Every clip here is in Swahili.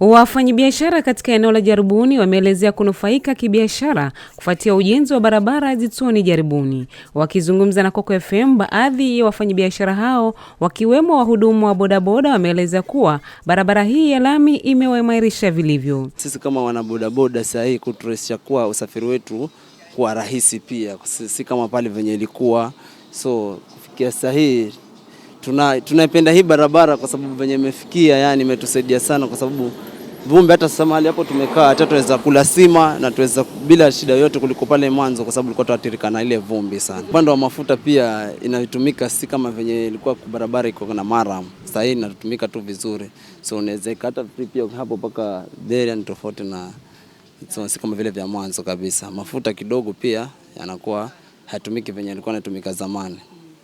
Wafanyabiashara katika eneo la Jaribuni wameelezea kunufaika kibiashara kufuatia ujenzi wa barabara Zitoni Jaribuni. Wakizungumza na Coco FM, baadhi ya wafanyabiashara hao wakiwemo wahudumu wa bodaboda wameeleza kuwa barabara hii ya lami imewaimarisha vilivyo. Sisi kama wanabodaboda saa hii kuturesha kuwa usafiri wetu kuwa rahisi pia, si kama pale venye ilikuwa. So kufikia saa hii tunaipenda tuna hii barabara kwa sababu venye imefikia, yani imetusaidia sana kwa sababu vumbi. Hata sasa mahali hapo tumekaa, hata tuweza kula sima na tuweza bila shida yote kuliko pale mwanzo, kwa sababu ilikuwa na ile vumbi sana. Upande wa mafuta pia inatumika, si kama venye ilikuwa barabara iko na maram, sasa hii inatumika tu vizuri, so unaweza hata pia hapo mpaka beria, ni tofauti na so, si kama vile vya mwanzo kabisa. Mafuta kidogo pia yanakuwa hatumiki venye ilikuwa inatumika zamani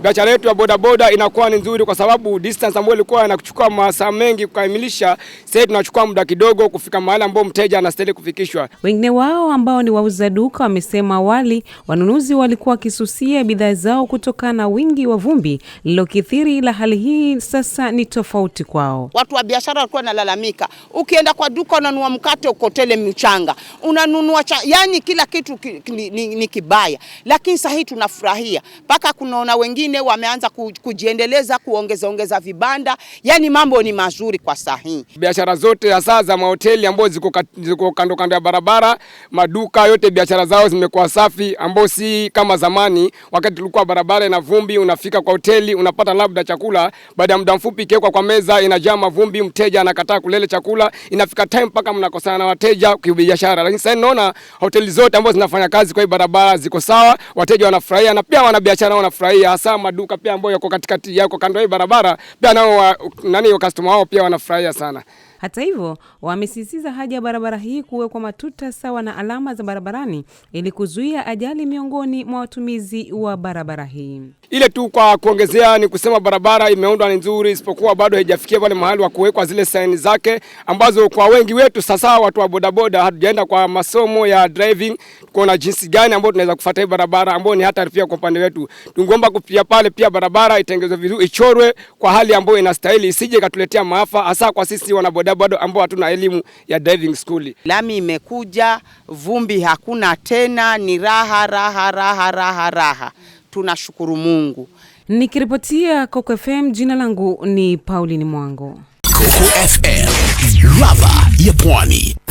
biashara yetu ya bodaboda inakuwa ni nzuri, kwa sababu distance ambayo ilikuwa inachukua masaa mengi kukamilisha, sasa tunachukua muda kidogo kufika mahali ambao mteja anastahili kufikishwa. Wengine wao ambao ni wauza duka wamesema awali wanunuzi walikuwa wakisusia bidhaa zao kutokana na wingi wa vumbi lilokithiri, la hali hii sasa ni tofauti kwao. Watu wa biashara walikuwa wanalalamika, ukienda kwa duka unanunua mkate ukotele mchanga, unanunua cha, yani kila kitu ki, ni, ni, ni kibaya, lakini hii tunafurahia mpaka kunaona wengine wengine wameanza kujiendeleza kuongeza ongeza vibanda, yani mambo ni mazuri kwa sahihi. Biashara zote hasa za mahoteli ambazo ziko ziko kando kando ya barabara, maduka yote biashara zao zimekuwa safi, ambao si kama zamani wakati tulikuwa barabara ina vumbi, unafika kwa hoteli unapata labda chakula, baada ya muda mfupi ikiwekwa kwa meza inajaa mavumbi, mteja anakataa kulele chakula, inafika time mpaka mnakosana na wateja kwa biashara. Lakini sasa naona hoteli zote ambazo zinafanya kazi kwa hii barabara ziko sawa, wateja wanafurahia na pia wanabiashara wanafurahia hasa kadhaa maduka pia ambayo yako katikati yako kando ya barabara, pia nao nani customer wao pia wanafurahia sana. Hata hivyo, wamesisitiza haja ya barabara hii kuwekwa matuta sawa na alama za barabarani ili kuzuia ajali miongoni mwa watumizi wa barabara hii. Ile tu kwa kuongezea ni kusema barabara imeundwa ni nzuri, isipokuwa bado haijafikia pale mahali wa kuwekwa zile saini zake ambazo kwa wengi wetu sasa watu wa bodaboda hatujaenda kwa masomo ya driving kuona jinsi gani ambayo tunaweza kufuata hii barabara ambayo ni hatari pia kwa upande wetu. Tungeomba kupia pale pia barabara itengenezwe vizuri, ichorwe kwa hali ambayo inastahili, isije ikatuletea maafa hasa kwa sisi wanaboda bodaboda bado ambao hatuna elimu ya diving school. Lami imekuja, vumbi hakuna tena, ni raha raha raha raha raha. Tunashukuru Mungu. Nikiripotia Coco FM, jina langu ni Pauline Mwango. Coco FM, ladha ya Pwani.